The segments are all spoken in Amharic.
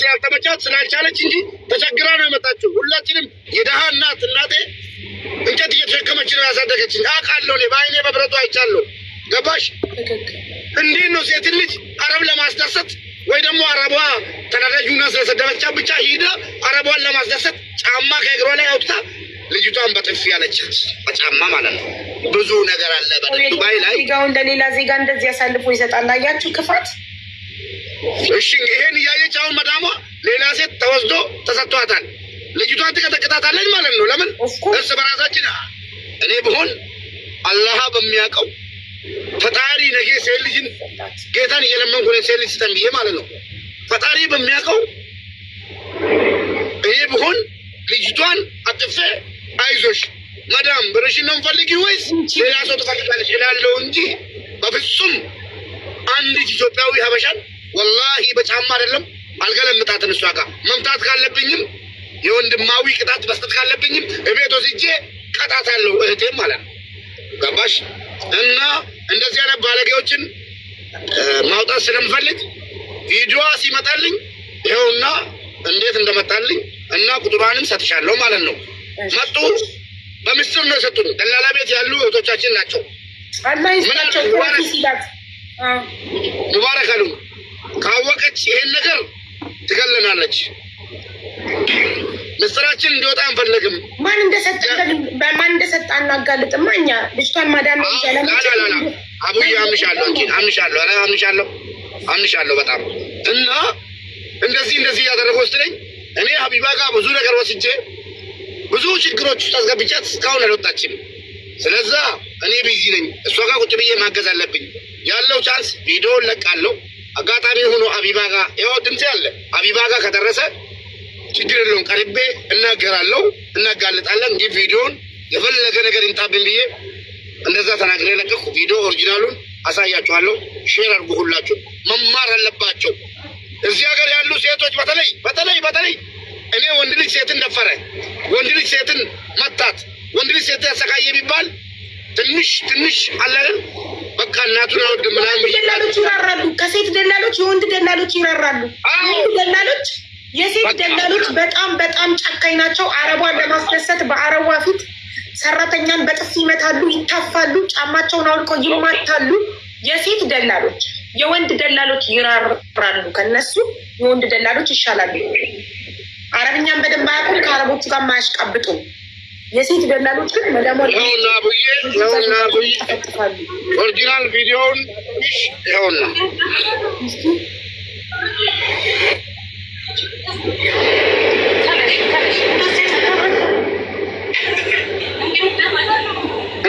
ስላልተመቻት ስላልቻለች እንጂ ተቸግራ ነው የመጣችው። ሁላችንም የድሀ እናት እናቴ እንጨት እየተሸከመች ነው ያሳደገችኝ። አውቃለሁ፣ በአይኔ በብረቱ አይቻለሁ። ገባሽ? እንዲህ ነው ሴትን ልጅ አረብ ለማስደሰት ወይ ደግሞ አረቧ ተናዳጁና ስለሰደበቻ ብቻ ሂደ አረቧን ለማስደሰት ጫማ ከእግሯ ላይ አውጥታ ልጅቷን በጥፊ ያለቻት በጫማ ማለት ነው። ብዙ ነገር አለ በዱባይ ላይ ዜጋው እንደሌላ ዜጋ እንደዚህ ያሳልፎ ይሰጣል። አያችሁ ክፋት እሺ፣ ይሄን እያየች አሁን መዳሟ ሌላ ሴት ተወስዶ ተሰጥቷታል። ልጅቷን ትቀጠቅጣታለች ማለት ነው። ለምን እርስ በራሳችን እኔ ብሆን አላህ በሚያውቀው ፈጣሪ ነገ ሴት ልጅን ጌታን እየለመንኩ ሴት ልጅ ስጠን ብዬ ማለት ነው። ፈጣሪ በሚያውቀው እኔ ብሆን ልጅቷን አጥፌ አይዞሽ መዳም ብርሽን ነው ምፈልጊ ወይስ ሌላ ሰው ትፈልጋለች እላለሁ እንጂ በፍጹም አንዲት ኢትዮጵያዊ ሀበሻን ወላሂ በጫማ አይደለም አልገለምጣትን። እሷ ጋር መምታት ካለብኝም የወንድማዊ ቅጣት መስጠት ካለብኝም እቤት ወስጄ ቀጣታለሁ፣ እህቴም ማለት ነው። ገባሽ? እና እንደዚህ አይነት ባለጌዎችን ማውጣት ስለምፈልግ ቪዲዮዋ ሲመጣልኝ ይኸውና እንዴት እንደመጣልኝ እና ቁጥሯንም ሰጥሻለሁ ማለት ነው። መጡ በምስር ነው የሰጡን። ደላላ ቤት ያሉ እህቶቻችን ናቸው። ሙባረክ አሉ። ካወቀች ይሄን ነገር ትገለናለች። ምስጢራችን እንዲወጣ አንፈልግም። ማን እንደሰጠ በማን እንደሰጠ አናጋልጥማ። እኛ ልጅቷን ማዳን አቡዬ አምሻለሁ እንጂ አምሻለሁ፣ ኧረ አምሻለሁ፣ አምሻለሁ በጣም እና እንደዚህ እንደዚህ እያደረገ ወስድለኝ እኔ ሀቢባ ጋር ብዙ ነገር ወስጄ ብዙ ችግሮች ውስጥ አስገብቻት እስካሁን አልወጣችም። ስለዛ እኔ ቢዚ ነኝ፣ እሷ ጋር ቁጭ ብዬ ማገዝ አለብኝ። ያለው ቻንስ ቪዲዮ ለቃለሁ። አጋጣሚ ሆኖ አቢባ ጋር ያው ድምፅ ያለ አቢባ ጋር ከደረሰ ችግር የለውም። ቀርቤ እናገራለሁ፣ እናጋልጣለን። እንዲህ ቪዲዮን የፈለገ ነገር ይምጣብን ብዬ እንደዛ ተናግሬ ለቀኩ። ቪዲዮ ኦሪጂናሉን አሳያችኋለሁ። ሼር አድርጉ። ሁላችሁ መማር አለባቸው። እዚህ ሀገር ያሉ ሴቶች በተለይ በተለይ በተለይ እኔ ወንድ ልጅ ሴትን ደፈረ፣ ወንድ ልጅ ሴትን መታት፣ ወንድ ልጅ ሴት ያሰቃየ የሚባል ትንሽ ትንሽ አላለም። በቃ እናቱን አወድ ምናምን ደላሎች ይራራሉ። ከሴት ደላሎች የወንድ ደላሎች ይራራሉ። ወንድ ደላሎች የሴት ደላሎች በጣም በጣም ጨካኝ ናቸው። አረቧን ለማስደሰት በአረቧ ፊት ሰራተኛን በጥፍ ይመታሉ፣ ይታፋሉ፣ ጫማቸውን አውልቀው ይማታሉ። የሴት ደላሎች የወንድ ደላሎች ይራራሉ። ከነሱ የወንድ ደላሎች ይሻላሉ። አረብኛን በደንብ አያውቁም። ከአረቦቹ ጋር ማያሽቀብጡም። የሴት ደላሎች ግን መዳሞና ብዬ ይኸውና ብዬ ኦሪጂናል ቪዲዮውን ይኸውና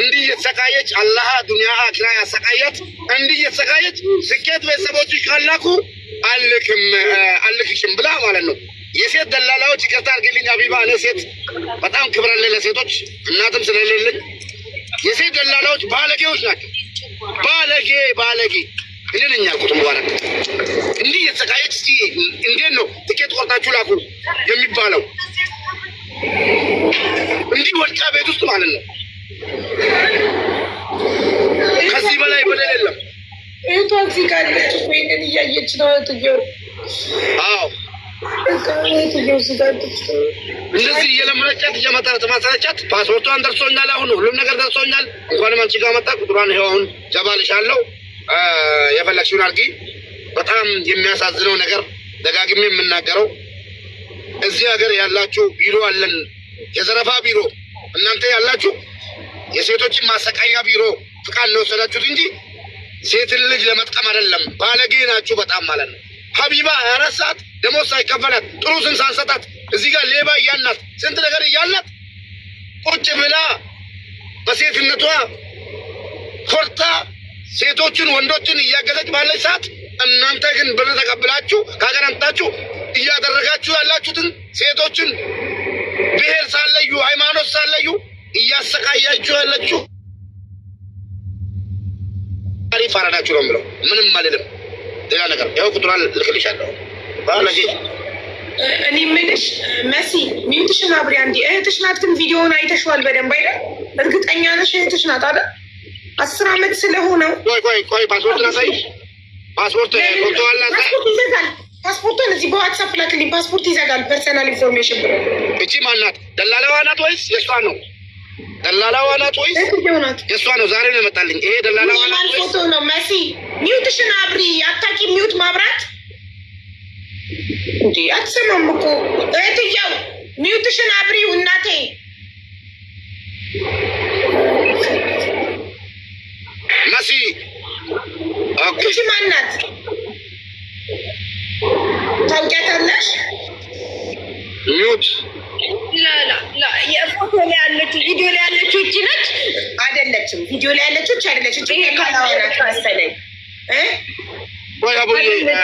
እንዲህ የተሰቃየች አላህ ዱንያ አኪራ ያሰቃያት። እንዲህ የተሰቃየች ስኬት ቤተሰቦች ካላኩ አልክም አልክሽም ብላ ማለት ነው የሴት ደላላዎች ይቅርታ አድርግልኝ አቢባ፣ እኔ ሴት በጣም ክብር ለ ለሴቶች እናትም ስለሌለኝ የሴት ደላላዎች ባለጌዎች ናቸው። ባለጌ ባለጌ እኔ ነኝ ያልኩት። ሙባረክ እንዲህ የተሰቃየች እስቲ እንዴት ነው ትኬት ቆርጣችሁ ላኩ የሚባለው? እንዲህ ወድቃ ቤት ውስጥ ማለት ነው። ከዚህ በላይ በደል የለም። እህቷ እዚህ ጋር እያየች ነው ትየው አዎ እንደዚህ እየለመነቻት ፓስፖርቷን ደርሶኛል። አሁን ሁሉም ነገር ደርሶኛል። እንኳንም አንቺ ጋር መጣ ቁጥሯን ይኸው አሁን ጀባልሻለሁ። የፈለግሽውን አድርጊ። በጣም የሚያሳዝነው ነገር ደጋግሜ የምናገረው እዚህ ሀገር ያላችሁ ቢሮ አለን፣ የዘረፋ ቢሮ እናንተ ያላችሁ የሴቶችን ማሰቃያ ቢሮ ፍቃድ ነው የወሰዳችሁት እንጂ ሴትን ልጅ ለመጥቀም አይደለም። ባለጌ ናችሁ በጣም ማለት ነው። ሀቢባ አራት ሰዓት ደሞዝ ሳይከፈላት ጥሩ ስም ሳንሰጣት እዚህ ጋር ሌባ እያልናት ስንት ነገር እያልናት ቁጭ ብላ በሴትነቷ ኮርታ ሴቶችን ወንዶችን እያገዘች ባለች ሰዓት እናንተ ግን ብር ተቀብላችሁ ከሀገር አምጣችሁ እያደረጋችሁ ያላችሁትን ሴቶችን ብሔር ሳለዩ ሃይማኖት ሳለዩ እያሰቃያችሁ ያለችሁ ሪፍ አረዳችሁ ነው የምለው። ምንም አልልም። ሌላ ነገር ያው ቁጥሯን ልክልሻለሁ። እኔ የምልሽ መሲ ሚውትሽን አብሪ አንዴ። እህትሽ ናት ግን ቪዲዮውን አይተሽዋል በደንብ አይደል? እርግጠኛ ነሽ እህትሽ ናት አይደል? አስር አመት ስለሆነው ቆይ ቆይ ቆይ፣ ፓስፖርት ላሳይሽ። ፓስፖርት ፓስፖርት ይዘጋል። ፓስፖርቱን እዚህ በዋትሳፕ ላክልኝ። ፓስፖርት ይዘጋል። ፐርሰናል ኢንፎርሜሽን ብሎ እቺ ማናት? ደላላዋ ናት ወይስ የሷ ነው? ደላላዋ ናት ወይስ የሷ ነው? ዛሬ ነው የመጣልኝ ይሄ ደላላዋ ናት። ፎቶ ነው መሲ። ሚውትሽን አብሪ። አታቂ ሚውት ማብራት እንዲ አትሰማም እኮ እህትየው፣ ሚውትሽን አብሪው እናቴ። መሲ እሺ፣ ማናት ታውቂያታለሽ? ሚውት ፎቶ ላይ ያለችው ቪዲዮ ላይ ያለችው እቺ ነች አይደለችም? ቪዲዮ ላይ ያለችው እቺ አይደለችም። ካላወራት መሰለኝ ቆይ ቆይ ቆይ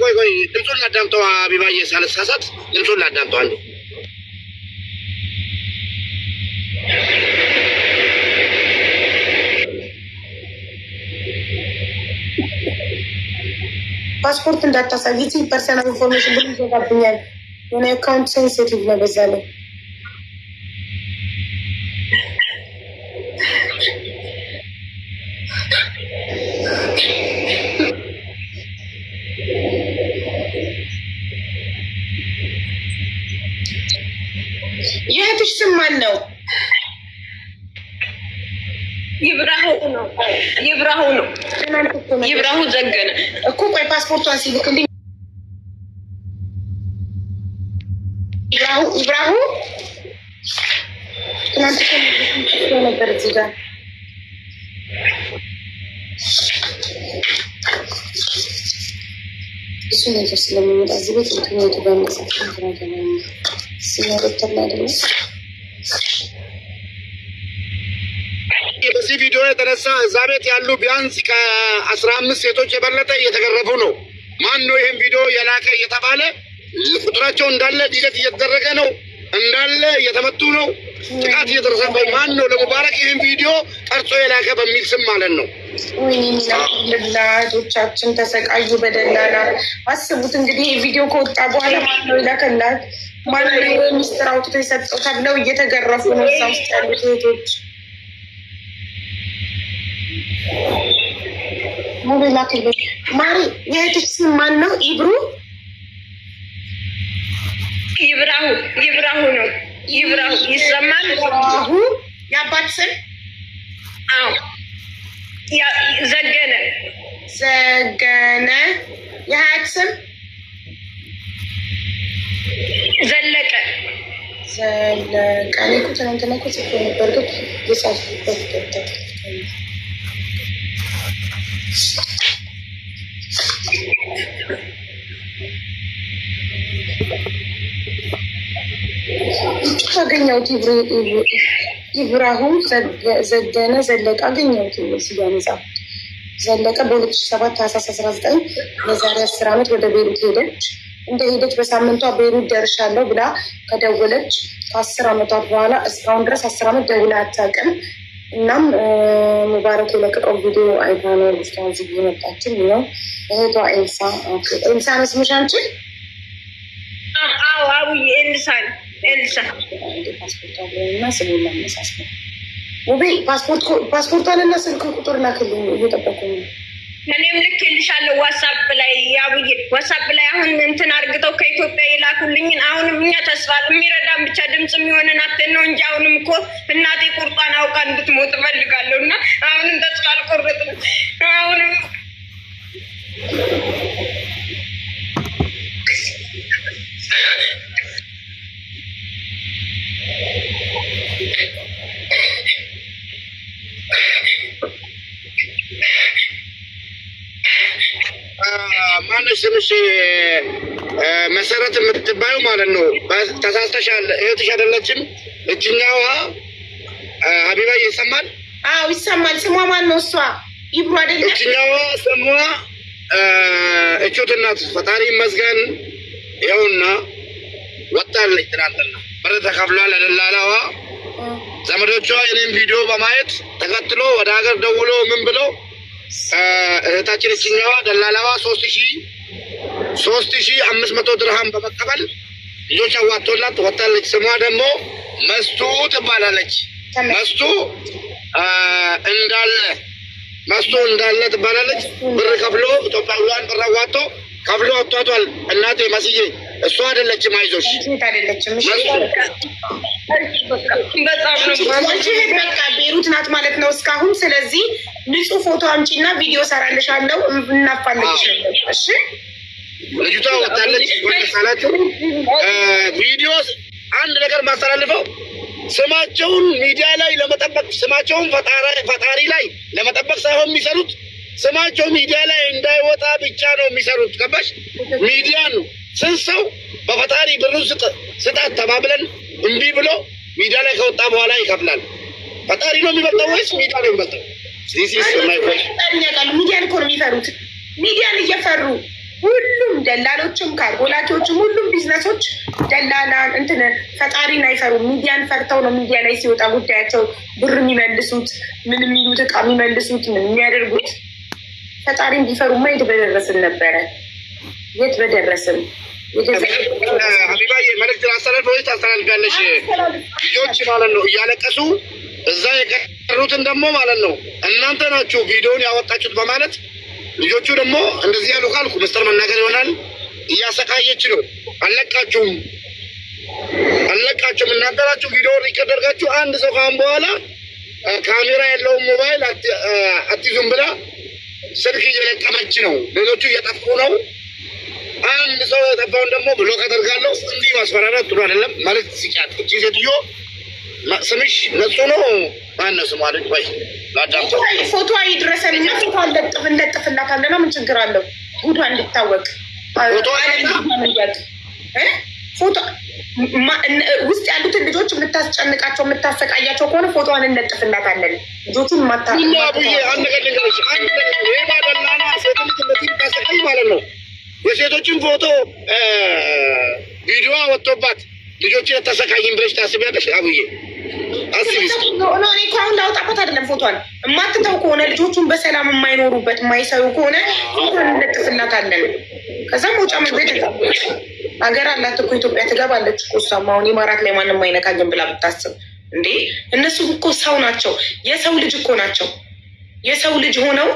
ቆይ፣ ድምፁን ላዳምጠው። ቢባዬ ሳልሳሳት ድምፁን ላዳምጠው አንዴ ፓስፖርት እንዳታሳይ ፐርሰናል ኢንፎርሜሽን ብሎ ይዘጋብኛል። የሆነ አካውንት ሴንሲቲቭ ነው በዛ ላይ ሲልክልኝ ኢብራሁ ትናንት ነበር እዚህ ጋር እሱ ነገር ስለሚመጣ እዚህ ቤት ምክንያቱ በመጽሐፍ ተናገናኝ ደግሞ በዚህ ቪዲዮ የተነሳ እዛ ቤት ያሉ ቢያንስ ከአስራ አምስት ሴቶች የበለጠ እየተገረፉ ነው። ማን ነው ይህም ቪዲዮ የላከ እየተባለ ቁጥራቸው እንዳለ ዲለት እየተደረገ ነው፣ እንዳለ እየተመቱ ነው፣ ጥቃት እየደረሰበት። ማን ነው ለሙባረክ ይህም ቪዲዮ ቀርጾ የላከ በሚል ስም ማለት ነው። ወይኔናቶቻችን ተሰቃዩ በደላላ አስቡት። እንግዲህ ይህ ቪዲዮ ከወጣ በኋላ ማን ነው ይላከላት? ማን ነው ሚስጥር አውጥቶ የሰጠው ተብለው እየተገረፉ ነው እዛ ውስጥ ያሉት እህቶች ማሪ የእህትሽ ስም ማን ነው? ይብሩ ይብራሁ ይብራሁ ነው። ይብራሁ ይሰማል። ይብራሁ የአባት ስም አዎ፣ ዘገነ ዘገነ። የሀያት ስም ዘለቀ ዘለቀ። እኔ እኮ ትናንትና እኮ ጽፎ ነበር ግን የጻፍኩበት አገኘሁት ኢብራሁም ዘደነ ዘለቀ አገኘሁት ስያሜ ጻፍ ዘለቀ በ2007 ታህሳስ 19 የዛሬ አስር ዓመት ወደ ቤሩት ሄደች። እንደ ሄደች በሳምንቷ ቤሩት ደርሻለሁ ብላ ከደወለች ከአስር ዓመቷ በኋላ እስካሁን ድረስ አስር ዓመት ደውላ አታውቅም። እናም ሙባረክ የለቀቀው ቪዲዮ አይታ ነው ልጅቷን ዝግ መጣችን ነው እህቷ ኤልሳ ኤልሳ ነው አንቺ? አዎ አቡዬ ኤልሳ ኤልሳ እና ፓስፖርቷን እና ስልክ ቁጥር ላክልኝ እየጠበቁ ነው። እኔም ልኬልሻለሁ ዋትሳፕ ላይ ያብይ ዋትሳፕ ላይ አሁን እንትን አርግተው ከኢትዮጵያ የላኩልኝን አሁንም እኛ ተስፋ የሚረዳን ብቻ ድምፅ የሚሆንን አተን ነው እንጂ አሁንም እኮ እናቴ ቁርጧን አውቃ እንድትሞት እፈልጋለሁ እና አሁንም ተስፋ አልቆረጥም። አሁንም ማነሽ ስምሽ መሰረት የምትባዩ ማለት ነው። ተሳስተሻል። እህትሽ አይደለችም እችኛዋ ሀቢባ። ይሰማል? አዎ ይሰማል። ስሟ ማን ነው? እሷ ይብሩ አይደለ? እችኛዋ ስሟ እቹት እናት። ፈጣሪ ይመስገን። ይኸውና ወጣለች። ትናንትና ብር ተከፍሏል። ደላላዋ ዘመዶቿ የኔም ቪዲዮ በማየት ተከትሎ ወደ ሀገር ደውሎ ምን ብሎ እህታችን እችኛዋ ደላላዋ ሶስት ሺ ሶስት ሺ አምስት መቶ ድርሃም በመቀበል ልጆች አዋቶላት ወጣለች። ስሟ ደግሞ መስቱ ትባላለች። መስቱ እንዳለ መስቱ እንዳለ ትባላለች። ብር ከፍሎ ኢትዮጵያውያን ብር አዋቶ ከፍሎ አውጥቷቷል። እናቴ መስዬ እሱ አይደለችም፣ አይዞሽ ቤሩት ናት ማለት ነው እስካሁን ስለዚህ ልጁ ፎቶ እና ቪዲዮ ሰራልሻለሁ፣ እናፋለች እሺ ልጅቷ ወጣለች ቪዲዮ አንድ ነገር ማስተላልፈው ስማቸውን ሚዲያ ላይ ለመጠበቅ ስማቸውን ፈጣሪ ላይ ለመጠበቅ ሳይሆን የሚሰሩት ስማቸው ሚዲያ ላይ እንዳይወጣ ብቻ ነው የሚሰሩት። ገባሽ? ሚዲያ ነው ስን ሰው በፈጣሪ ብሩ ስጣት ተባብለን እምቢ ብሎ ሚዲያ ላይ ከወጣ በኋላ ይከፍላል። ፈጣሪ ነው የሚበልጠው ወይስ ሚዲያ ነው የሚበልጠው? ጠኛቃል ሚዲያን እኮ ነው የሚፈሩት። ሚዲያን እየፈሩ ሁሉም ደላሎችም ካርጎላኪዎችም ሁሉም ቢዝነሶች ደላላ እንትን ፈጣሪን አይፈሩም። ሚዲያን ፈርተው ነው ሚዲያ ላይ ሲወጣ ጉዳያቸው ብር የሚመልሱት ምን የሚሉት እቃ የሚመልሱት ምን የሚያደርጉት። ፈጣሪን ቢፈሩማ የት በደረስን ነበረ፣ የት በደረስን። ሀቢባዬ መልእክት አስተላልፈች ታስተላልፋለች። ልጆች ማለት ነው እያለቀሱ እዛ የቀሩትን ደግሞ ማለት ነው እናንተ ናችሁ ቪዲዮን ያወጣችሁት በማለት ልጆቹ ደግሞ እንደዚህ ያሉ ካልኩ ምስጢር መናገር ይሆናል። እያሰቃየች ነው። አለቃችሁም አለቃችሁም እናገራችሁ ቪዲዮን ይቀደርጋችሁ አንድ ሰው ካሁን በኋላ ካሜራ ያለውን ሞባይል አትይዙም ብላ ስልክ እየለቀመች ነው። ሌሎቹ እየጠፉ ነው። አንድ ሰው የጠፋውን ደግሞ ብሎ አደርጋለሁ። እንዲህ ማስፈራራት ጥሩ አይደለም። መልዕክት ሲጫት እቺ ሴትዮ ስምሽ ነጹ ነው ማነሱ ማለት ወይ ፎቶ ይድረሰን እና ፎቶ ምን ችግር አለው? ጉዷ እንድታወቅ ፎቶ ውስጥ ያሉትን ልጆች የምታስጨንቃቸው የምታሰቃያቸው ከሆነ ፎቶዋን እንለጥፍላታለን። ልጆቹን ማታ ማለት ነው የሴቶችን ፎቶ ቪዲዮ ወጥቶባት ልጆችን አታሰቃይም ብለሽ ታስቢያለሽ? አብዬ ሁን ላውጣበት አይደለም ፎቷን እማትተው ከሆነ ልጆቹን በሰላም የማይኖሩበት የማይሰሩ ከሆነ ፎቶን እንለጥፍላታለን። ከዛ መውጫ መግቢያ ሀገር አላት እኮ ኢትዮጵያ ትገባለች እኮ እሷም አሁን ኢማራት ላይ ማንም አይነካኝም ብላ ብታስብ እንዴ እነሱ እኮ ሰው ናቸው፣ የሰው ልጅ እኮ ናቸው። የሰው ልጅ ሆነው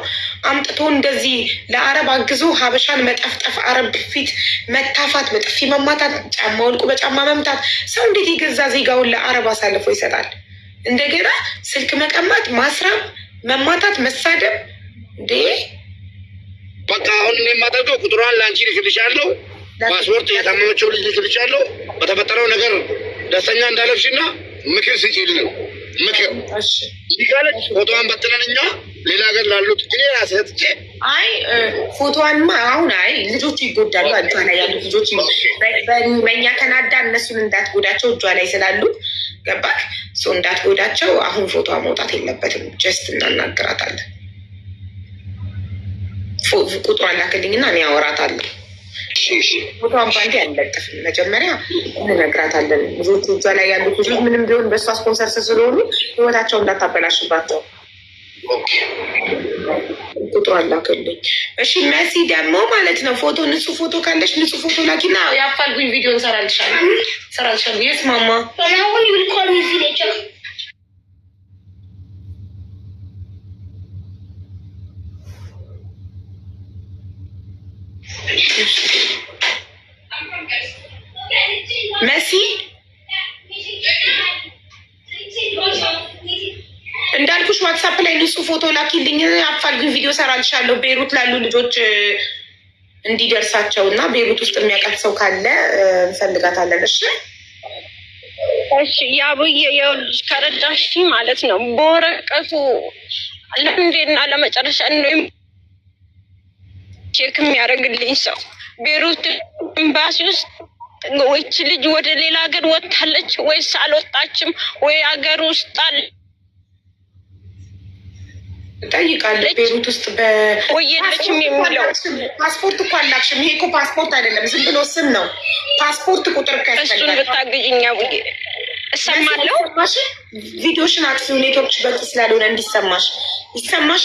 አምጥቶ እንደዚህ ለአረብ አግዞ ሀበሻን መጠፍጠፍ፣ አረብ ፊት መታፋት፣ በጥፊ መማታት፣ ጫማ ወልቁ በጫማ መምታት። ሰው እንዴት የገዛ ዜጋውን ለአረብ አሳልፎ ይሰጣል? እንደገና ስልክ መቀማት፣ ማስራብ፣ መማታት፣ መሳደብ። እንዴ በቃ አሁን የማደርገው ቁጥሯን ለአንቺ ልክልሻለሁ፣ ፓስፖርት የታመመችው ልጅ ልክልሻለሁ። በተፈጠረው ነገር ደስተኛ እንዳለብሽና ምክር ስጪልኝ ነው ምክር ይጋለች ፎቶዋን በትነን እኛ ሌላ ሀገር ላሉት እኔ ራሴ ሰጥቼ አይ ፎቶዋንማ አሁን አይ ልጆቹ ይጎዳሉ። እጇ ላይ ያሉት ልጆች በእኛ ተናዳ እነሱን እንዳትጎዳቸው እጇ ላይ ገባክ ሰው እንዳትጎዳቸው አሁን ፎቶዋ መውጣት የለበትም። ጀስት እናናግራታለን። ቁጥሯን ላክልኝና እኔ አወራታለሁ። ፎቶ በአንዴ አንለጥፍም። መጀመሪያ እንነግራታለን። ብዙዎቹ እዛ ላይ ያሉት ልጆች ምንም ቢሆን በእሷ ስፖንሰር ስለሆኑ ህይወታቸው እንዳታበላሽባቸው ቁጥሩ አላክልኝ። እሺ መሲ ደግሞ ማለት ነው ፎቶ ንጹህ ፎቶ ካለች ንጹህ ፎቶ ላኪና የአፋልጉኝ ቪዲዮ እንሰራልሻለን። ሰራልሻል የስ ማማ መሲ እንዳልኩሽ ዋትሳፕ ላይ ንጹህ ፎቶ ላኪልኝ። አፋልግን ቪዲዮ ሰራልሻለሁ። ቤሩት ላሉ ልጆች እንዲደርሳቸው እና ቤሩት ውስጥ የሚያውቃት ሰው ካለ እንፈልጋታለን። እሺ እሺ። ያቡዬ የውልጅ ከረዳሽ ማለት ነው በወረቀቱ ለእንዴና ለመጨረሻ ቼክ የሚያደርግልኝ ሰው ቤሩት ኤምባሲ ውስጥ ወይች ልጅ ወደ ሌላ ሀገር ወታለች ወይስ አልወጣችም ወይ ሀገር ውስጥ አለ ጠይቃለሁ። ቤሩት ውስጥ ወየለችም የሚለው ፓስፖርት እኮ አላክሽም። ይሄ እኮ ፓስፖርት አይደለም፣ ዝም ብሎ ስም ነው። ፓስፖርት ቁጥር ከእሱን ብታግዥኛ ብዬ እሰማለሁ። ቪዲዮሽን አክሲው ኔትወርክሽ በቂ ስላልሆነ እንዲሰማሽ ይሰማሽ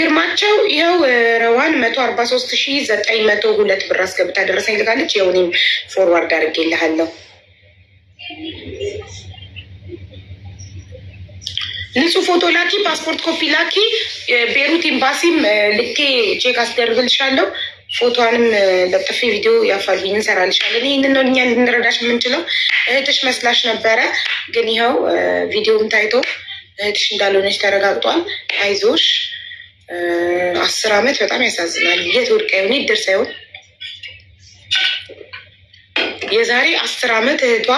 ግርማቸው ይኸው ረዋን መቶ አርባ ሶስት ሺ ዘጠኝ መቶ ሁለት ብር አስገብታ ደረሰኝ ልካለች። ይኸው ፎርዋርድ ፎርዋርድ አድርጌልሃለሁ። ንጹህ ፎቶ ላኪ፣ ፓስፖርት ኮፒ ላኪ። ቤሩት ኤምባሲም ልኬ ቼክ አስደርግልሻለሁ። ፎቶንም ለጥፊ ቪዲዮ ያፋልኝ እንሰራልሻለን። ይህንን ነው እኛ እንድንረዳሽ የምንችለው። እህትሽ መስላሽ ነበረ፣ ግን ይኸው ቪዲዮም ታይቶ እህትሽ እንዳልሆነች ተረጋግጧል። አይዞሽ አስር አመት በጣም ያሳዝናል። የት ወድቃ ይሆን ይደር ሳይሆን የዛሬ አስር አመት እህቷ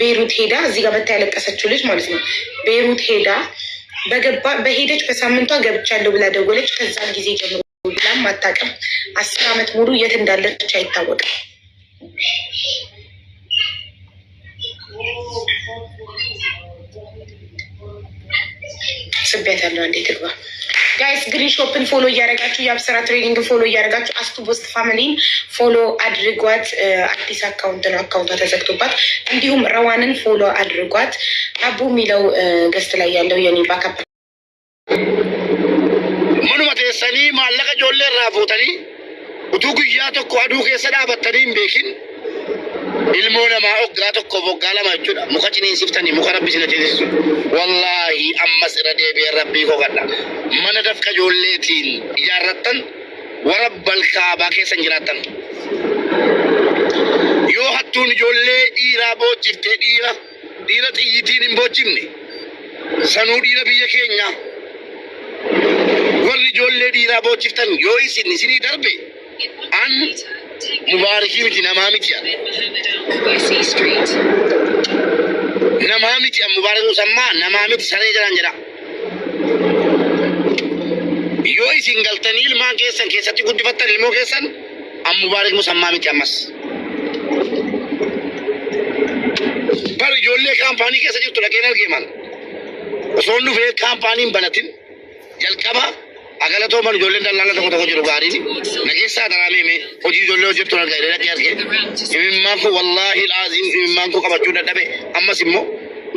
ቤሩት ሄዳ እዚህ ጋር መታ ያለቀሰችው ልጅ ማለት ነው። ቤሩት ሄዳ በገባ በሄደች በሳምንቷ ገብቻለሁ ብላ ደወለች። ከዛን ጊዜ ጀምሮ ብላም አታውቅም። አስር አመት ሙሉ የት እንዳለች አይታወቅም። ስቤት ያለው እንዴት ግባ ጋይስ ግሪን ሾፕን ፎሎ እያደረጋችሁ የአብስራ ትሬዲንግን ፎሎ እያደረጋችሁ አስቱቦስት ፋሚሊን ፎሎ አድርጓት። አዲስ አካውንት ነው፣ አካውንቷ ተዘግቶባት። እንዲሁም ረዋንን ፎሎ አድርጓት። አቡ የሚለው ገስት ላይ ያለው የኔ ባካፕ ምኑማ ተሰኒ ማለቀ ጆሌ ራፎተኒ ኡቱ ጉያ ተኮ አዱ ከሰዳ በተኒ ቤኪን ilmoo namaa oggaa tokko boggaa lama jechuudha muka ciniinsiftanii muka rabbi sina ciniinsisu wallaahi ammas irra deebi'ee rabbii koo kadha mana dafqa ijoolleetiin ijaarrattan warra balkaabaa keessan jiraattan yoo hattuun ijoollee dhiiraa boojiftee dhiira dhiira xiyyitiin hin boojifne sanuu dhiira biyya keenya warri ijoollee dhiiraa boojiftan yoo isin isinii darbe an Mübareki miti namaa miti jedha. Namaa miti jedha mubaarekuun sammaa namaa miti saree jalaan jedha. Yoo isin galtanii ilmaan keessan keessatti guddifattan ilmoo keessan an mubaarekuun sammaa miti ammas. Bar ijoollee kaampaanii keessa jirtu dhaqeen argee maal? Osoo hin dhufee kaampaaniin banatin jalqaba أقل تو من جولين دلالة تكو تكو جرو قارين نجيسا درامي مي وجي جولين وجب تنال غير لا تيار كي إمام مانكو والله العظيم إمام مانكو كبتشو ندبه أما سمو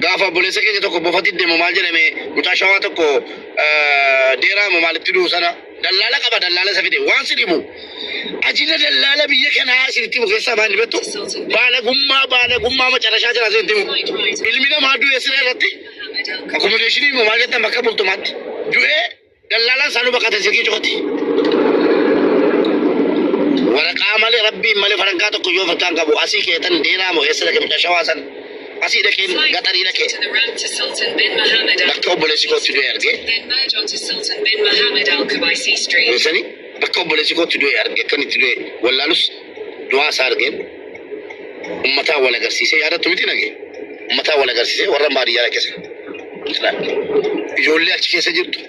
غافا بوليسا كي تكو بفتي دي ممال جنة مي متاشوا تكو ديرا ممال تدو سنة دلالة كبا دلالة سفيدي وان سلمو أجينا دلالة بيه كان عاشر تيمو كيسا بان بتو بالا غمّا بالا غمّا ما ترشا جرا زين تيمو علمنا ما دو يسرى رتي accommodation ممال جتا مكة بولتمات جوه daldalaan saanuu bakka silkii cooti waraqaa malee rabbiin malee farankaa tokko yoo furtaan qabu asii keetan deeraa moo eessa dhaqe bita shawaa san asii dhaqeen gaxarii dhaqe bakka obboleessi kootti du'e arge miisani bakka obboleessi kootti du'e arge akkan itti du'e wallaalus du'aa isaa argeen ummataa wal agarsiisee yaadattu miti nagee ummataa wal agarsiisee warra baadiyyaa dhaqese ijoollee achi keessa jirtu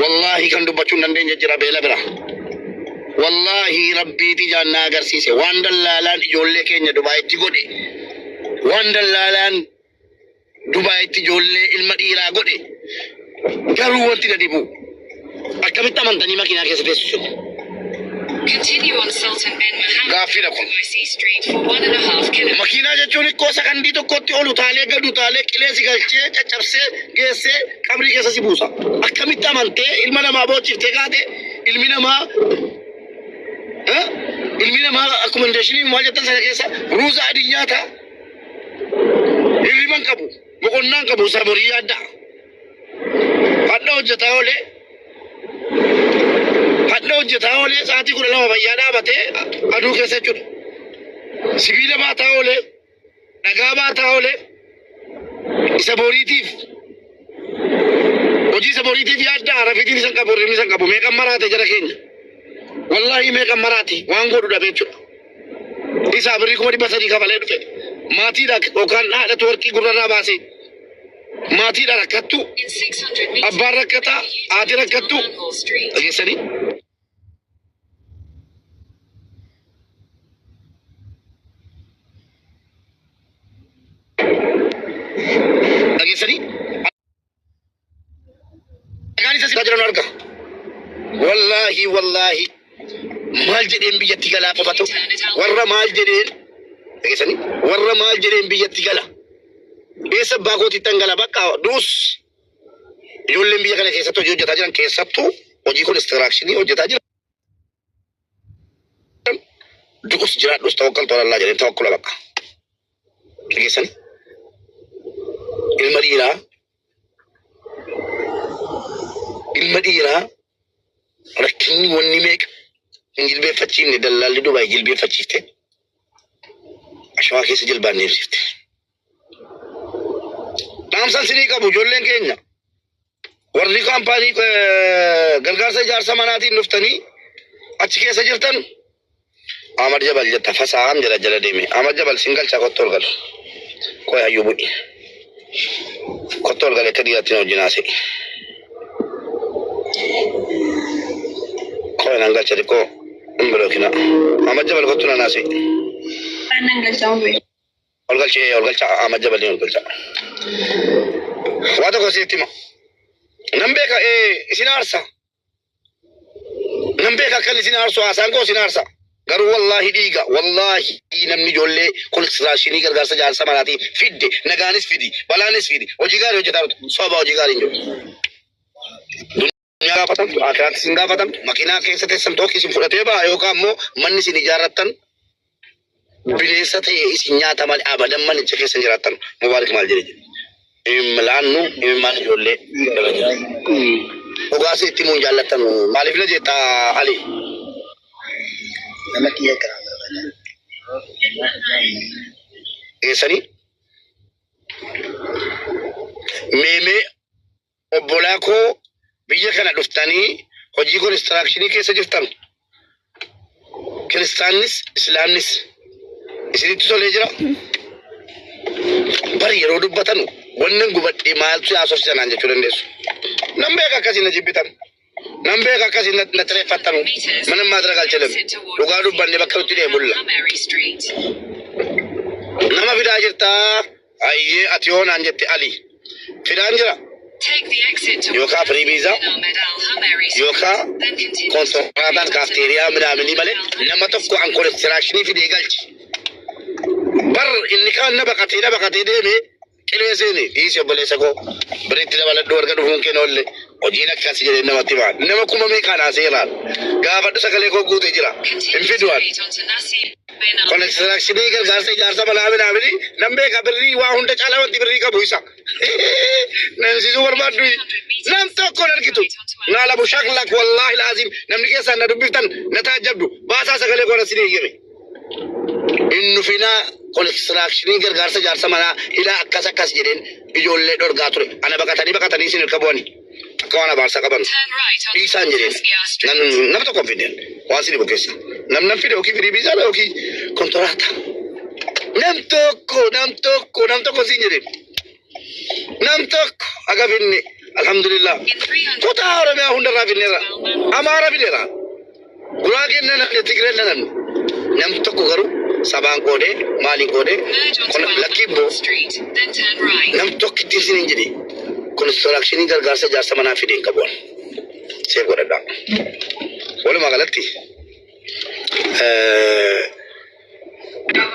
wallahi kan dubba chun nande nje jira bela bela wallahi rabbi ti janna agar si se wandal lalan jolle ke nje dubai ti godi wandal lalan dubai ti jolle ilma ira godi garu wonti da dibu akami ah, tamanta ni makina ke se Continue on Sultan bin Muhammad Gaafii dhaqu. Street for one and a half kilometers. Makiinaa jechuun qoosa kan dii tokkotti ol utaalee gad utaalee qilleesi galchee caccabsee geessee qabrii keessa si buusa. Akkamitti amantee ilma namaa boochiftee kaate ilmi namaa ilmi namaa akkuma indeeshinii maal jettan sana keessa ruuza adii nyaata hirriban qabu boqonnaan qabu sarborii adda. Hadha hunda hojjetaa olee isaatii kudha lama fayyaa dhaabatee aduu keessa jechuudha. Sibiila baataa olee, dhagaa baataa olee, isa boriitiif hojii isa boriitiif yaaddaa rafiitiin isan qabu hirribni isan qabu meeqan maraate jara keenya. Wallaahi meeqan maraate waan godhu dhabe jechuudha. Isaa birrii kuma dhibba sadii kafalee dhufe maatiidha yookaan haadhatu warqii gurrarraa baasee maatiidha rakkattu abbaan rakkataa haati rakkattu dhageessanii. lagi sini organisasi pelajaran warga wallahi wallahi mal jedeen biyya tigala qofatu warra mal jedeen lagi sini warra mal jedeen biyya tigala esa bagoti tangala bakka dus yulle biyya kana esa to yujja tajran ke sabtu oji ko distraction ni oji tajran dus jira dus tawakkal to Allah jedeen tawakkal bakka lagi sini المدينة المدينة ركني ونميك انجل بي فتشين دلال لدبي جل بي فتشيته عشان كيس جل بان نفسيته نام سن سري كابو جولين كينيا ورلي كامباني गलगार से जार समानाती नुफ्तनी अच्छी कैसे जलतन आमर जबल जता फसा आम जला जला डेमे आमर जबल सिंगल चाको तोड़ गल कोई आयु बुनी qottol galete dhiyaattiin hojjinaase. Kola nan galcha dhiqoo hin bilookina. Amma jabal kottu nan haase. Nan galcha ol galcha ol galcha amma jabal ol galcha. Waa tokko sitti hima. Nan beeka isin aarsa. Nan beeka kan isin aarsu haasaan koo isin aarsa. garuu wallaahi dhiiga wallaahi namni ijoollee kolsiraashinii gargaarsa jaarsa manaatiif fidde nagaanis fidi balaanis fidi hojii gaarii hojjetaa soba hojii gaarii jiru. Dunyaa gaafatan akiraatti isin gaafatan makiinaa keessa teessan tokko isin fudhatee ba'a yookaan immoo manni isin ijaarrattan bineensa ta'ee isin nyaata malee abadan mana manicha keessa jiraattan mubaarik maal jedhe laannu imimmaan ijoollee dhugaasii itti muun jaallattan maaliif na jettaa alii ለመጠየቅ eessanii meelee obbolaa koo biyya kana dhuftanii hojii konistirakshinii keessa jirtan kiristaannis islaamnis isinitti tolee jira bari yeroo dubbatanu wannan gubadhee maaltu yaasofsisanaan jechuu dandeessu nan beeka akkasiin na jibbitan መንበቅ አካስ እንደተፈጠሩ ምንም ማድረግ አልችልም። ዱጋ ዱባን የበከሉት ደ ቡላ ነመ ፊዳ ጅርታ አየ አትዮን አንጀት አሊ ፊዳን ጅራ ዮካ ፍሪቢዛ ዮካ ኮንሶራታን ካፍቴሪያ ምናምን ይበለ ነመ ቶኮ አንኮን ስትራክሽኒ ፊዴ ገልች በር እኒካን ነበቀቴ ነበቀቴ ደሜ ቂሌሴኔ ዲስ የበሌሰኮ ብሪት ደበለዶ ወርገ ዱፉንኬ ነወሌ hojiin akkasi jedhee namatti bahan nama kuma meeqaadhaa gaafa gaafadhu sagalee koo guutee jira hin fiduan. Konekshinii gargaarsa ijaarsa balaa binaabini nam beeka birrii waa hunda caalaa wanti birrii qabu isa. Namsiisuu barbaaddu nam tokkoon argitu naa labu shaklak wallaahi laaziim namni keessaan na dubbiftan na taajabdu baasaa sagalee koona sinii hiyame. Hin nufinaa konekshinii gargaarsa ijaarsa manaa ilaa akkas akkas jedheen ijoollee dhorgaa ture ana baqatanii baqatanii isin hirka bu'anii. Tukana barsa kaban. Bisa njiri. Nan nam to confident. Wasi ni bukesa. Nam nam fide oki fide bisa la oki kontrata. Nam toko nam toko nam toko sinjiri. Nam toko aga finni. Alhamdulillah. Kota Oromiya hunda ra finnera. Amara fidera. Gurage nan ne tigre nan. Nam toko garu sabaan qoode maaliin qoode lakkiibbo nam tokkittiin sin hin jedhi Konistirakshinii gargaarsa ijaarsa manaa fideen qabu seef godhadhaa. Walumaa galatti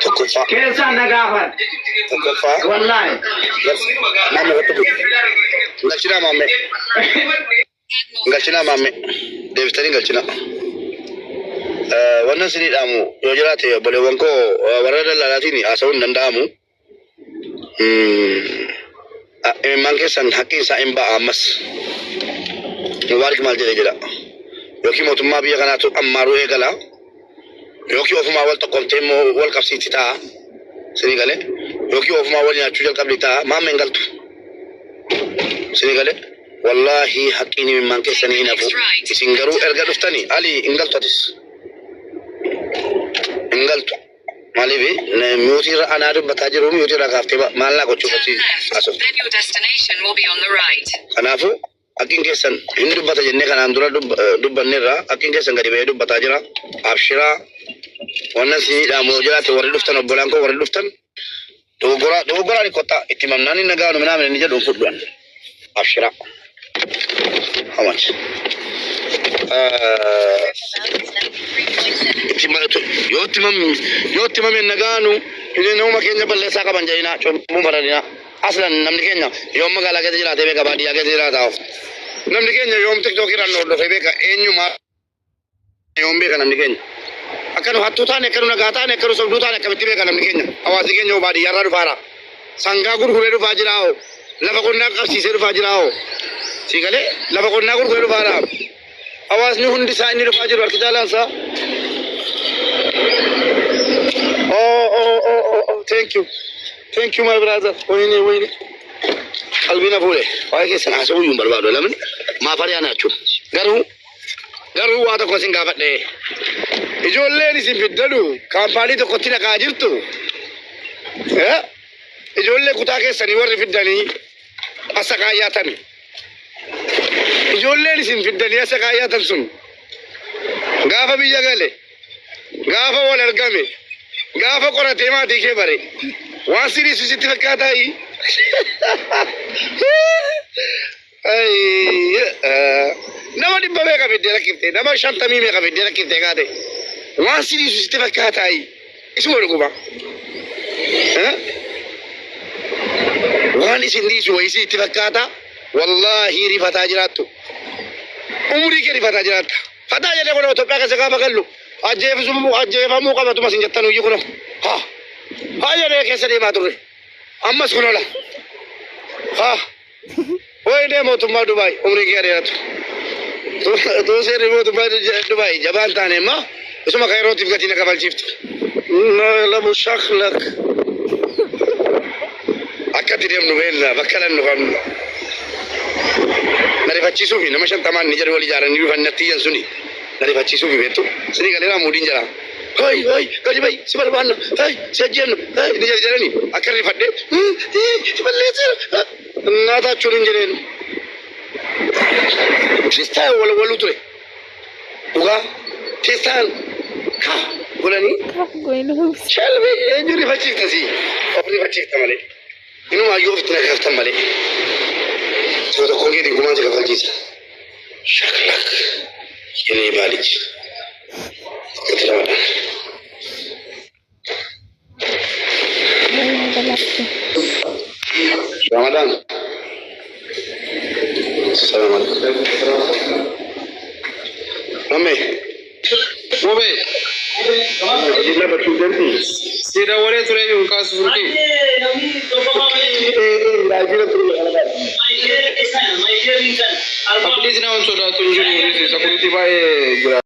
tokkoffaa. Keessaan nagaafan. Tokkoffaa. Wallaahi. Nama irratti bulu. Galchinaa maamme. Galchinaa maamme. Deebistanii galchinaa. Wanni isinii dhaamu yoo jiraate obboleewwan koo warra daldalaatiin haasa'uun danda'amu. imman keessan haqqi isaa hin ba'a ammas Mubaarik maal jedhe jedha yookiin mootummaa biyya kanaatu ammaaruu eegala yookiin ofumaa wal tokkomtee immoo wal qabsiitti ta'a sinii galee yookiin ofumaa wal nyaachuu jalqabdi ta'a maamma hin galtu sinii galee wallaahi haqqiin imman keessanii hin hafu isin garuu erga dhuftanii alii hin galtu atis hin galtu. Malif miyuutii irra anaa dubbataa jiru miyuutii irraa kaaftee maallaa gochuufatti Kanaafuu akkin keessan hin dubbata jennee kanaan dura dubbanneerra akkin keessan gadi ba'ee dubbataa jira. Abshiraa wanna siidhaan moo jiraate warri dhuftan obbolaan koo warri dhuftan dogogoraa dogogoraa ni kottaa itti mamnaan hin dhaga'anu minaa minni jedhuun fudhan. Abshiraa. How much? yoo itti mameen nagaanu nama keenya balleessaa qaban jedhina cumbuun fadadina aslan namni keenya yoo magaalaa keessa jiraatee beeka baadiyyaa keessa jiraata namni keenya yoom tiktookii irraan hordofee beeka eenyumaa yoom beeka namni keenya akkanu hattuu taane akkanu nagaa taane akkanu sobduu taane akkamitti beeka namni keenya hawaasi keenya yoo baadiyyaa irraa dhufaara sangaa gurguree dhufaa jiraa'oo lafa qonnaa qabsiisee dhufaa jiraa'oo si galee lafa qonnaa gurguree dhufaadhaaf hawaasni hundi isaa inni dhufaa jiru harki jaalaansaa. Oh, oh, oh, oh, oh, thank you. Thank you, my brother. Wayne, wayne. ወይኔ ወይኔ Waa ፉለ ዋይ keessan haasawuyyuun barbaadu lamin maafariyaa naachuun garuu garuu waa tokko isin gaafadhe ijoolleen isin fiddadu kaampaanii tokkotti naqaa jirtu ijoollee kutaa keessanii warri fiddanii asa qaayyaatanii. ijoolleen isin fiddanii asa kaayyatan sun gaafa biyya gale gaafa wal argame gaafa qoratee maatii kee bare waan siriisu sitti fakkaataa nama dhibba meeqa fiddee rakkiftee nama shantamii meeqa fiddee rakkiftee kaate waan siriisu sitti fakkaataa isuma dhuguma waan isin dhiisu wayisii itti fakkaataa wallahi rifataa jiraattu umrii kee rifataa jiraatta fataa jedhee kun Itoophiyaa keessa gaafa gallu ajjeefisumuu ajjeefamuu qabatuma sin jettan huyyi kun ha haa jedhee keessa deemaa turre ammas kun ola ha wayidee mootummaa Dubaay umrii kee dheeratu tuuseen mootummaa Dubaay jabaan taane immoo isuma kayrootiif gatii na kabalchiifti. Lamu shaklak akkatti deemnu beellaa bakka lan nu qabnu. na rifachiisuufi nama shan tamaan ni jedhu wal ijaaranii dhufan natti iyyan suni na rifachiisuufi beektu sinii galeeraa muudiin jira hay hay gadi bay si barbaanna hay si ajjeennu hay ni jedhu jedhanii akka rifadhee si balleesseera naataachuun hin jedheenu kristaan wal waluu ture dhugaa keessaan ka golanii shalbe eenyu rifachiifta si of rifachiifta malee inuma ayyuu ofitti nagaaftan malee ሲወጣ ኮልጌት የጉማንጀ ከፋጌት ሸክላክ የኔ ልጅ ትለዋለህ። ረመዳን ሰላም አለይኩም መሜ ሙቤ Public announcement that Tunjuni is a community by